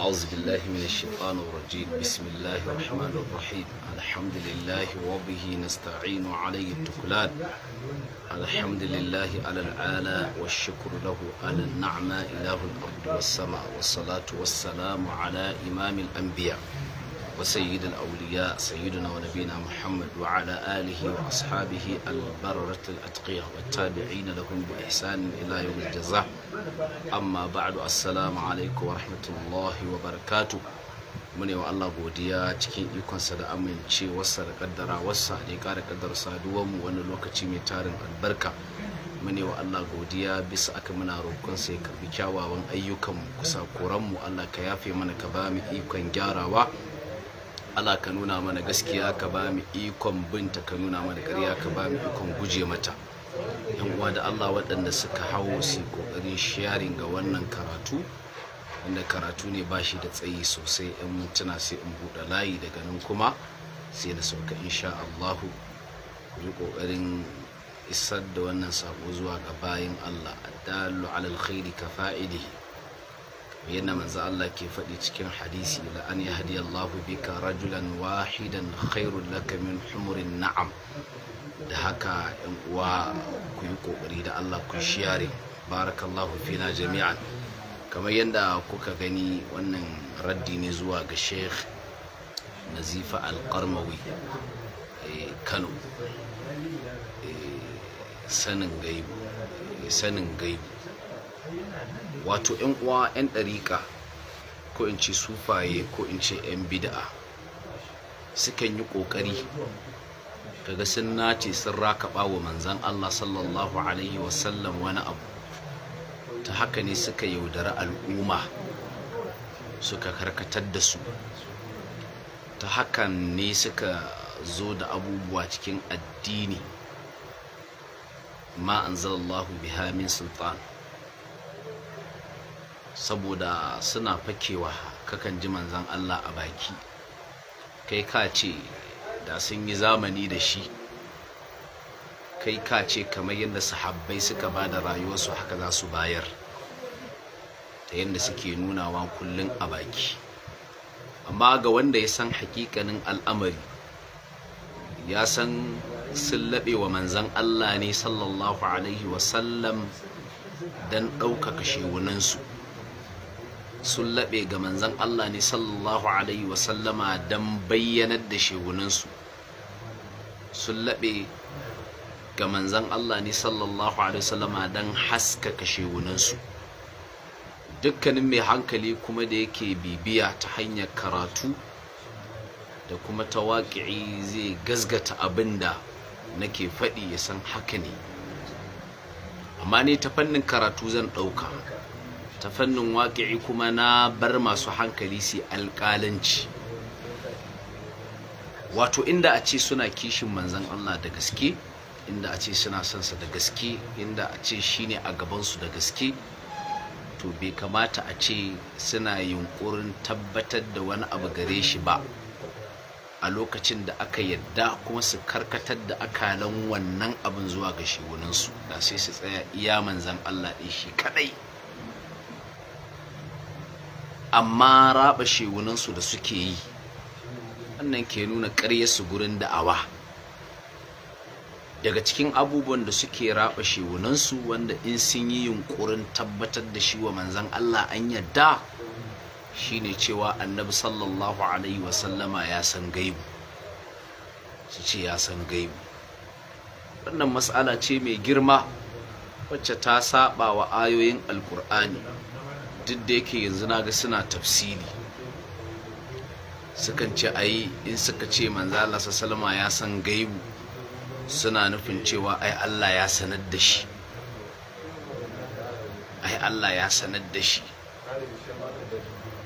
أعوذ بالله من الشيطان الرجيم بسم الله الرحمن الرحيم الحمد لله وبه نستعين عليه التكلان الحمد لله على العالى والشكر له على النعمة إله الأرض والسماء والصلاة والسلام على إمام الأنبياء وسيد الأولياء سيدنا ونبينا محمد وعلى آله وأصحابه البررة الأتقياء والتابعين لهم بإحسان إلى يوم الجزاء أما بعد السلام عليكم ورحمة الله وبركاته mune wa Allah godiya cikin ikonsa da amincewarsa da kaddarawarsa da ya ƙara kaddar wani lokaci mai tarin albarka mune wa Allah godiya bisa aka muna roƙon sai karbi kyawawan ayyukan kusa koranmu Allah ka yafe mana ka ba mu ikon gyarawa Allah ka nuna mana gaskiya ka ba mu ikon binta ka nuna mana ƙarya ka ba mu ikon guje mata yan uwa da Allah waɗanda suka hawo su ƙoƙarin sharing ga wannan karatu wanda karatu ne ba shi da tsayi sosai yan mintuna sai in buɗe layi daga nan kuma sai na sauka insha Allahu ku yi kokarin isar da wannan sako zuwa ga bayin Allah addalu alal khairi ka fa'ilihi yana manzo Allah ke faɗi cikin hadisi la an yahdi Allahu bika rajulan wahidan khairul laka min humurin na'am da haka yan uwa ku yi kokari da Allah ku shiyare barakallahu fina jami'an kamar yadda kuka gani wannan raddi ne zuwa ga Sheikh Nazifa Al-Qarmawi eh, Kano eh, sanin gaibu eh, sanin gaibu wato 'yan uwa 'yan ɗariƙa ko in ce sufaye ko in ce 'yan bida'a sukan yi ƙoƙari kaga sun nace sun rakaɓa wa manzan Allah sallallahu alaihi wasallam wani abu ta haka ne suka yaudari al'umma suka karkatar da su ta haka ne suka zo da abubuwa cikin addini ma anzalallahu biha min sultan saboda suna fakewa kakan ji manzan Allah a baki kai ka ce da sun yi zamani da shi kai ka ce kamar yadda sahabbai suka ba da rayuwarsu haka za su bayar ta yadda suke nunawa kullum a baki amma ga wanda ya san hakikanin al'amari ya san sun laɓe wa manzan Allah ne sallallahu alaihi wasallam don ɗaukaka shewunansu sun laɓe ga manzan Allah ne sallallahu alaihi wasallama don bayyanar da shegunansu sun laɓe ga manzan Allah ne sallallahu alaihi wasallama don haskaka shegunansu dukkanin mai hankali kuma da yake bibiya ta hanyar karatu da kuma ta waƙi'i zai gazgata abin da nake faɗi ya san haka ne amma ne ta fannin karatu zan ɗauka ta fannin waƙi'i kuma na bar masu hankali su alƙalanci wato inda a ce suna kishin manzan Allah da gaske inda a ce suna son sa da gaske inda a ce shine a gabansu da gaske to bai kamata a ce suna yunkurin tabbatar da wani abu gare shi ba a lokacin da aka yadda kuma su karkatar da akalan wannan abin zuwa ga shi wuninsu da sai su tsaya iya manzan Allah ɗin shi kaɗai amma raba shewunansu da suke yi wannan ke nuna ƙaryarsu gurin da'awa daga cikin abubuwan da suke raba shewunansu wanda in sun yi yunkurin tabbatar da shi wa manzan Allah an yadda shine cewa annabi sallallahu alaihi wasallama ya san gaibu su ce ya san gaibu wannan matsala ce mai girma wacce ta saba wa ayoyin alkur'ani duk da yake yanzu na ga suna tafsiri sukan ce ai in suka ce manzo Allah sallama ya san gaibu suna nufin cewa ai Allah ya sanar da shi ai Allah ya sanar da shi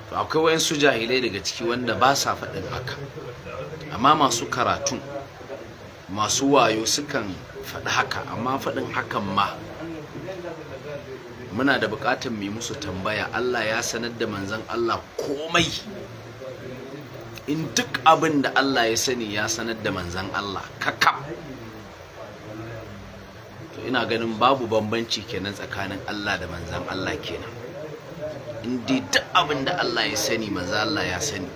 to akwai wayansu jahilai daga ciki wanda ba sa faɗin haka amma masu karatu, masu wayo sukan faɗi haka amma faɗin hakan ma muna da bukatar mai musu tambaya Allah ya sanar da manzan Allah komai in duk abin da Allah ya sani ya sanar da manzan Allah kakam to ina ganin babu bambanci kenan tsakanin Allah da manzan Allah kenan in dai duk abin da Allah ya sani manzan Allah ya sani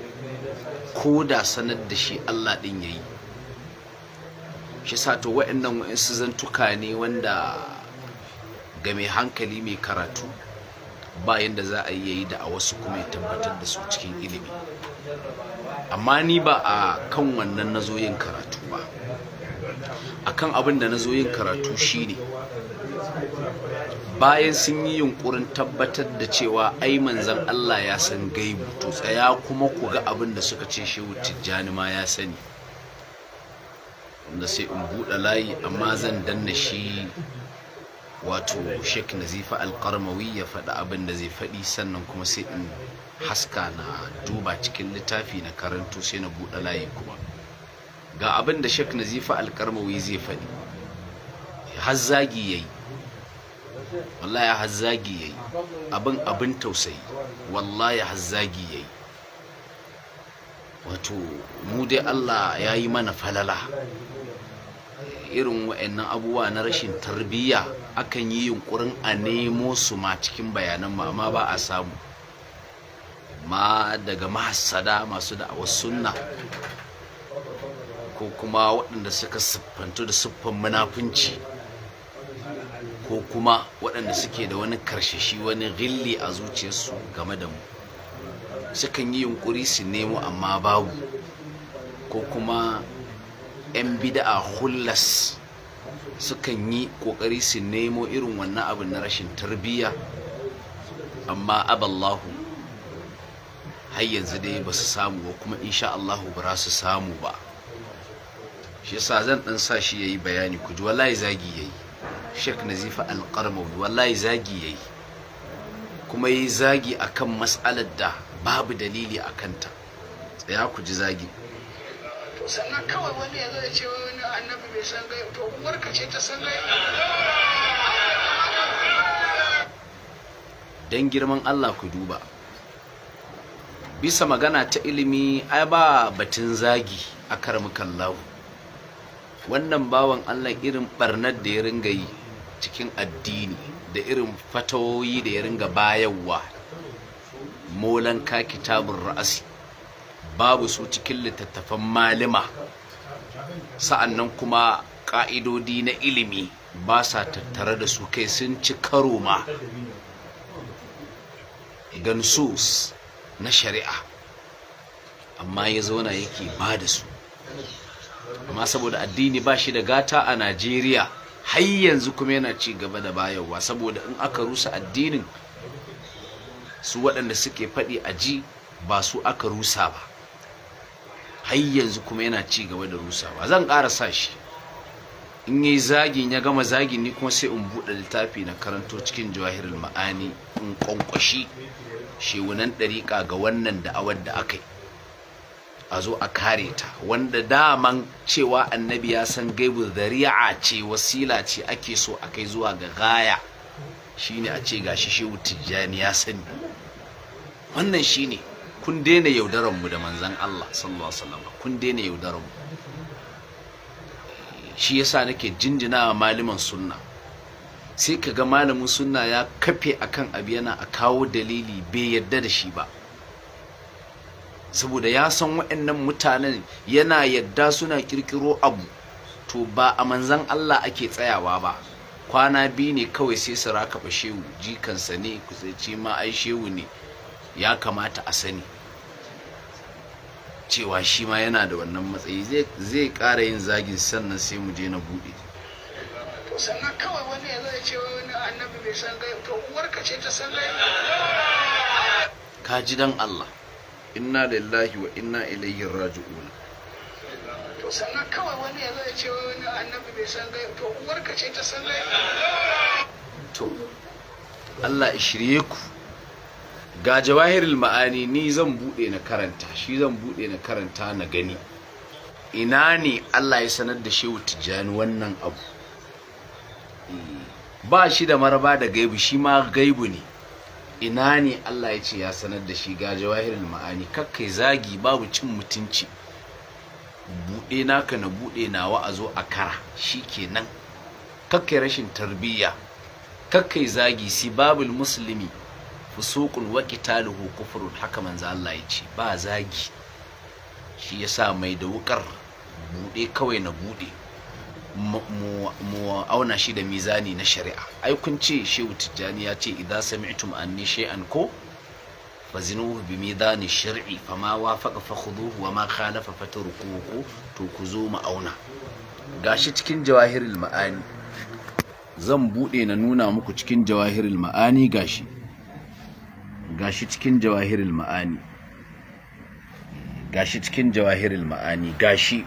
ko da sanar da shi Allah din yayi shi sa to wa'annan su zantuka ne wanda ga mai hankali mai karatu bayan da za a yi da a wasu kuma ya tabbatar da su cikin ilimi amma ni ba a kan wannan na yin karatu ba a kan abin da na zo yin karatu shine bayan sun yi yunkurin tabbatar da cewa ai manzan Allah ya san gaibu to tsaya kuma ku ga abin da suka ce shehu tijjani ma ya sani wanda sai in buɗe layi amma zan danna shi wato sheik nazifa alkarmawi ya faɗi abin da zai faɗi sannan kuma sai in haska na duba cikin littafi na karanto sai na buɗe layi kuma ga abin da sheik nazifa alkarmawi zai faɗi hazzagi ya yi wallahi hazzagi ya yi abin abin tausayi wallahi hazzagi ya yi wato mu dai allah ya yi mana falala irin wa'annan abubuwa na rashin tarbiyya akan yi yunkurin a nemo su ma cikin bayanan mu amma ba a samu ma daga mahassada masu da awa sunna ko kuma waɗanda suka siffantu da siffan munafunci ko kuma waɗanda suke da wani karshashi wani gilli a zuciyarsu game da mu sukan yi yunkuri su nemo amma babu ko kuma 'yan a hullas sukan yi kokari su nemo irin wannan abin na rashin tarbiyya amma aballahu har yanzu dai ba su samu ba kuma insha Allahu ba za su samu ba shi sa zan dan sa shi yayi bayani ku ji wallahi zagi yayi Sheikh Nazifa Al-Qarmawi wallahi zagi yayi kuma yayi zagi akan mas'alar da babu dalili akan ta tsaya ku ji zagi sannan kawai wani ya zo ce wani annabi bai san gai to uwarka ce ta san gai dan girman Allah ku duba bisa magana ta ilimi ai ba batun zagi a karmukan lahu wannan bawan Allah irin barnar da ya ringa yi cikin addini da irin fatawoyi da ya ringa bayarwa molan ka kitabun ra'asi babu su cikin littattafan malima sa'annan kuma ƙa'idodi na ilimi ba sa tattare da su kai sun ci karo ma gansus na shari'a amma ya zauna yake ba da su amma saboda addini ba shi da gata a najeriya har yanzu kuma yana ci gaba da bayarwa saboda in aka rusa addinin su waɗanda suke faɗi a ji ba su aka rusa ba har yanzu kuma yana ci gaba da rusawa zan ƙara sa shi in yi zagi ya gama zagi ni kuma sai in buɗe littafi na karanto cikin jawahirul ma'ani in ƙwanƙwashi shewunan ɗariƙa ga wannan da'awar da aka yi a zo a kare ta wanda daman cewa annabi ya san gaibu zari'a ce wasila ce ake so a kai zuwa ga gaya shine a ce gashi shehu tijjani ya sani wannan shine kun daina yaudaran mu da manzan Allah sallallahu alaihi wasallam kun daina yaudaran mu eh, shi yasa nake jinjinawa malaman sunna sai ka ga malamin sunna ya kafe akan abu yana a kawo dalili bai yadda da shi ba saboda ya san waɗannan mutanen yana yadda suna kirkiro abu to ba a manzan Allah ake tsayawa ba kwana biyu ne kawai sai su raka shehu jikansa ne kusa ma ai shehu ne ya kamata a sani cewa shi ma yana da wannan matsayi zai ƙara yin zagin sannan sai mu je na buɗe sannan kawai wani ya zai ce wani annabi mai san gai to uwar ka ce ta san gai ka ji dan Allah inna lillahi wa inna ilaihi raji'un to sannan kawai wani ya zai ce wani annabi mai san gai to uwar ka ce ta san gai to Allah ya shirye ku ga jawahirin ma'ani ni zan bude na karanta shi zan bude na karanta na gani ina ne Allah ya sanar da shehu tijjani wannan abu eh, ba shi da maraba da gaibu shi ma gaibu ne ina ne Allah ya ce ya sanar da shi ga jawahirin ma'ani kakkai zagi babu cin mutunci bude naka na bude na a zo a kara shi kenan kakkai rashin tarbiyya kakkai zagi si babul musulmi fusuqun wa qitaluhu kufrun haka manzo Allah ya ce ba zagi shi yasa mai da wukar buɗe kawai na bude mu auna shi da mizani na shari'a ai kun ce shehu tijjani ya ce idza sami'tum anni shay'an ko fazinu bi mizani shar'i ma wafaqa fakhuduhu wa ma khalafa fatrukuhu to ku zo mu auna gashi cikin jawahirul ma'ani zan buɗe na nuna muku cikin jawahirul ma'ani gashi gashi cikin jawahirul ma'ani gashi cikin jawahirul ma'ani gashi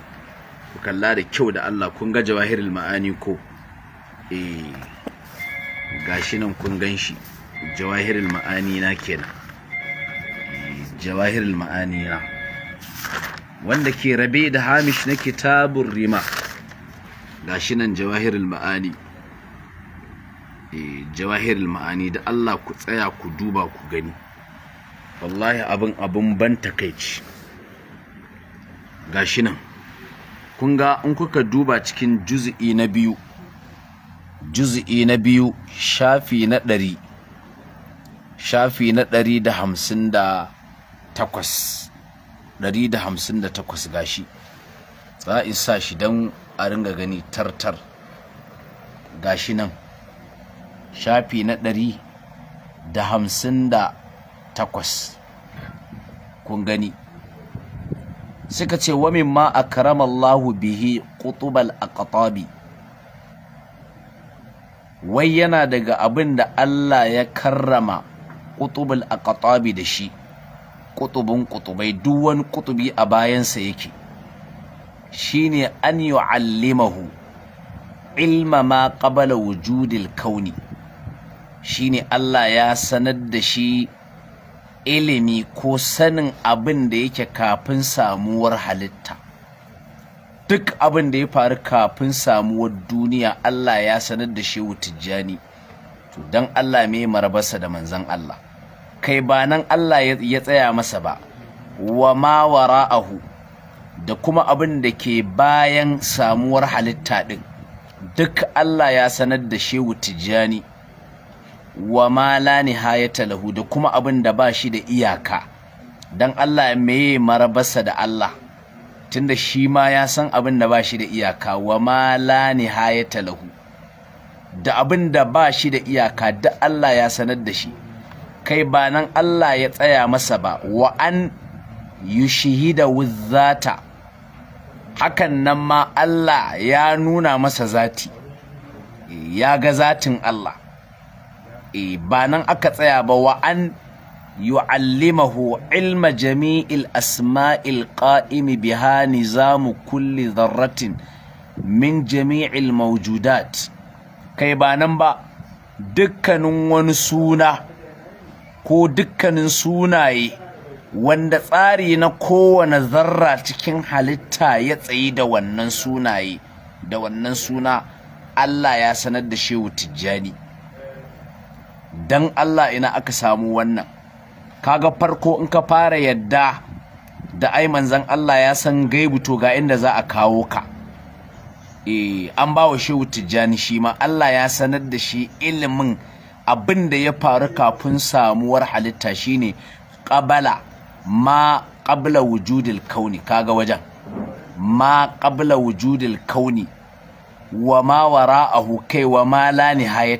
ku kalla da kyau da Allah kun ga jawahirul ma'ani ko eh gashi nan kun gan shi jawahirul ma'ani na kenan eh, jawahirul ma'ani na wanda ke rabe da hamish na kitabur rima gashi nan jawahirul ma'ani eh, jawahirul ma'ani da Allah ku tsaya ku duba ku gani wallahi abin abin ban takaici gashi nan kun ga in kuka duba cikin juz'i na biyu juz'i na biyu shafi na ɗari shafi na ɗari da hamsin da takwas ɗari da hamsin da takwas gashi za a sa shi don a ringa gani tartar gashi nan shafi na ɗari da hamsin da takwas kun gani suka ce wa mimma akramallahu bihi qutubal aqtabi wai yana daga abin da Allah ya karrama qutubul aqtabi da shi Ƙutubin ƙutubai duk wani a bayansa yake shine an yu'allimahu ilma ma qabala wujudil kauni shine Allah ya sanar da shi ilimi ko sanin abin da yake kafin samuwar halitta duk abin da ya faru kafin samuwar duniya Allah ya sanar da shehu tijjani to dan Allah mai marabarsa da manzon Allah kai ba nan Allah ya tsaya masa ba wa ma wara'ahu da kuma abin da ke bayan samuwar halitta din duk Allah ya sanar da shehu tijjani wa ma la nihayata lahu da kuma abin da ba shi da iyaka dan Allah meye marabarsa da Allah tunda shi ma ya san abin da ba shi da iyaka wa ma la nihayata lahu da abin da ba shi da iyaka da Allah ya sanar da shi kai ba nan Allah ya tsaya masa ba wa an yushhida wuzzata hakan nan ma Allah ya nuna masa zati ya ga zatin Allah e ba nan aka tsaya ba wa an yu'allimahu ilma jami'il asma'il qa'imi biha nizamu kulle dharratin min jami'il mawjudat kai ba nan ba dukkanin wani suna ko dukkanin sunaye wanda tsari na kowane zarra cikin halitta ya tsayi da wannan sunaye da wannan suna Allah ya sanar da shehu tijjani dan Allah ina aka samu wannan kaga farko in ka fara yadda da ai manzon Allah ya san gaibu to ga inda za a kawo ka eh an bawa shehu tijjani shi ma Allah ya sanar da shi ilimin abin da ya faru kafin samuwar halitta shine qabala ma qabla wujudil kauni kaga wajen ma qabla wujudil kauni wa ma a hukai wa ma lani haya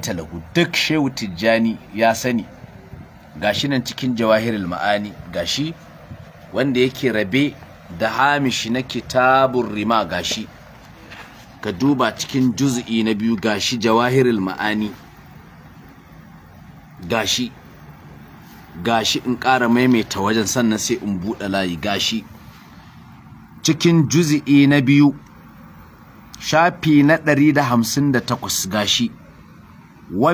duk shehu tijjani ya sani gashi nan cikin jawahirul ma'ani gashi wanda yake rabe da hamishi na kitabun rima gashi ka duba cikin juz'i na biyu gashi jawahirul ma'ani gashi gashi in ƙara maimaita wajen sannan sai in buɗe layi gashi cikin juz'i na biyu shafi na ɗari da da hamsin 158 gashi wa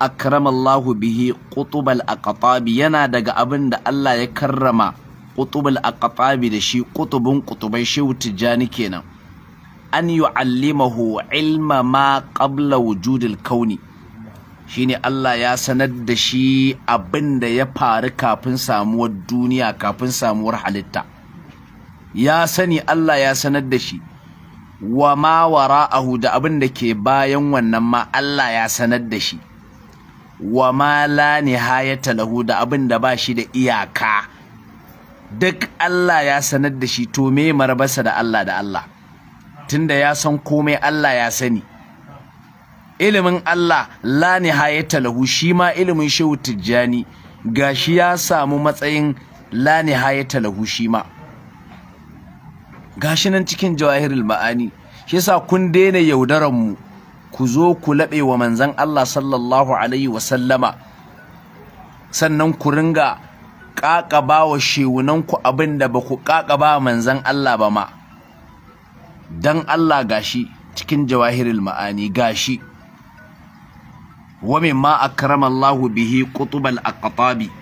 akramallahu bihi qutubal aqtabi yana daga abin da Allah ya karrama qutubal aqtabi da shi qutubun qutubai shehu tijani kenan an yu'allimahu ilma ma qabla wujudil kauni shine Allah ya sanar da shi abin da ya faru kafin samuwar duniya kafin samuwar halitta ya sani Allah ya sanar da shi wa ma wara'ahu da abin da ke bayan wannan ma Allah ya sanar da shi wa ma la nihayata lahu da abin da ba shi da iyaka duk Allah ya sanar da shi to me marbasa da Allah da Allah tunda ya san komai Allah ya sani ilimin Allah la nihayata lahu shi ma ilimin shehu tijjani gashi ya samu matsayin la nihayata lahu shi ma gashi nan cikin jawahirul ma'ani shi yasa kun daina yaudaran mu ku zo ku laɓe wa manzan Allah sallallahu alaihi wa sallama sannan ku ringa ba wa shewunanku abin da ba ku ƙaƙaba manzon Allah ba ma dan Allah gashi cikin jawahirul ma'ani gashi wa mimma akramallahu bihi qutubal aqtabi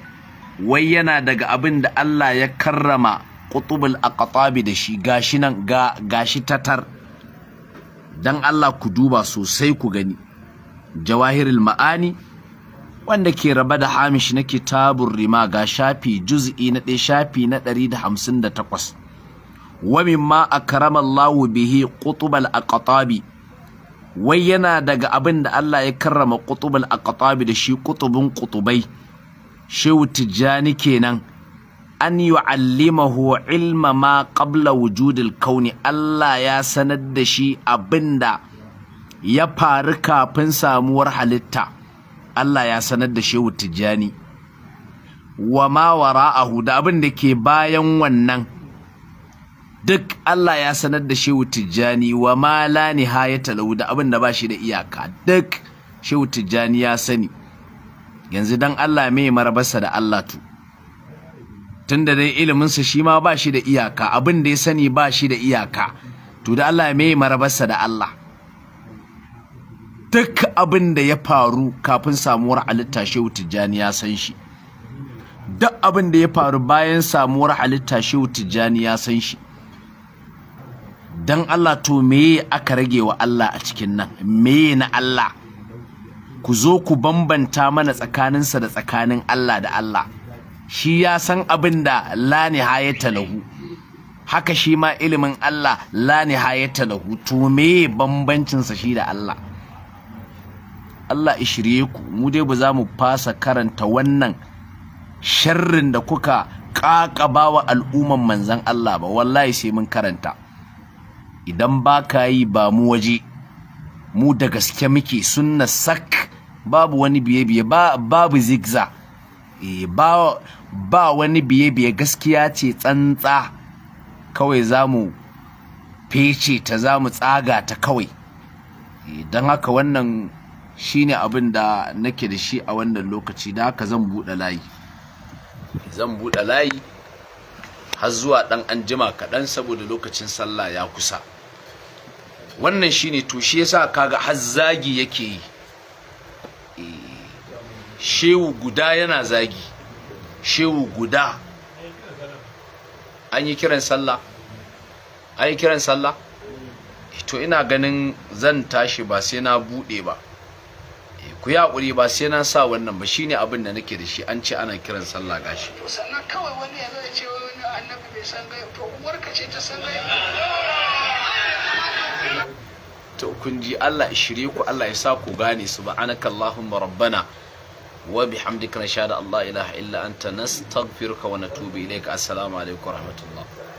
wai yana daga abin da Allah ya karrama kutubul aqtabi da shi gashi nan ga gashi tatar dan Allah ku duba sosai ku gani jawahirul ma'ani wanda ke raba da hamish na kitabur rima ga shafi juz'i na ɗaya shafi na 158 wa mimma akrama Allahu bihi qutubal aqtabi wai yana daga abin da Allah ya karrama qutubal aqtabi da shi qutubun qutubai shehu tijjani kenan an yu'allimahu ilma ma qabla wujudil kauni Allah ya sanar da shi abinda ya faru kafin samuwar halitta Allah ya sanar da shehu tijjani wa ma wara'ahu da abin da ke bayan wannan duk Allah ya sanar da shehu tijjani wa ma la nihayata lahu da abin da shi da iyaka duk shehu tijjani ya sani yanzu dan Allah mai marabarsa da Allah tu tunda dai iliminsa shi ma ba shi da iyaka abin da ya sani ba shi da iyaka to da Allah mai marabarsa da Allah duk abin da ya faru kafin samuwar halitta Shehu Tijjani ya san shi duk abin da ya faru bayan samuwar halitta Shehu Tijjani ya san shi dan Allah to meye aka rage wa Allah a cikin nan meye na Allah ku zo ku bambanta mana tsakaninsa da tsakanin Allah da Allah shi ya san abin da la nihayata lahu haka shi ma ilimin Allah la nihayata lahu to me bambancin sa shi da Allah Allah ishirye ku mu dai ba za mu fasa karanta wannan sharrin da kuka ƙaƙabawa al'umman manzon Allah ba wallahi sai mun karanta idan ba ka yi ba mu waje mu da gaske muke sunna sak babu wani biye-biye babu zigzag Eh, ba ba wani biye-biye gaskiya ce tsantsa kawai za mu fece ta za mu tsaga ta kawai eh, don haka wannan shine abin da nake da shi a wannan lokaci da haka zan buɗe layi zan buɗe layi har zuwa ɗan anjima kaɗan saboda lokacin sallah ya kusa wannan shine to shi yasa kaga har zagi yake yi shehu guda yana zagi shehu guda an yi kiran sallah an yi kiran sallah eh, to ina ganin zan tashi ba sai na buɗe ba eh, ku yi kuri ba sai na sa wannan ba shine abin da nake da shi an ce ana kiran sallah gashi to sannan kawai wani ya zai ce wani annabi bai san gai to uwarka ce ta san gai to kun ji Allah ya shirye ku Allah ya sa ku gane subhanakallahumma rabbana wa bihamdika nashhadu an la ilaha illa anta nastaghfiruka wa natubu ilaika assalamu alaikum wa rahmatullah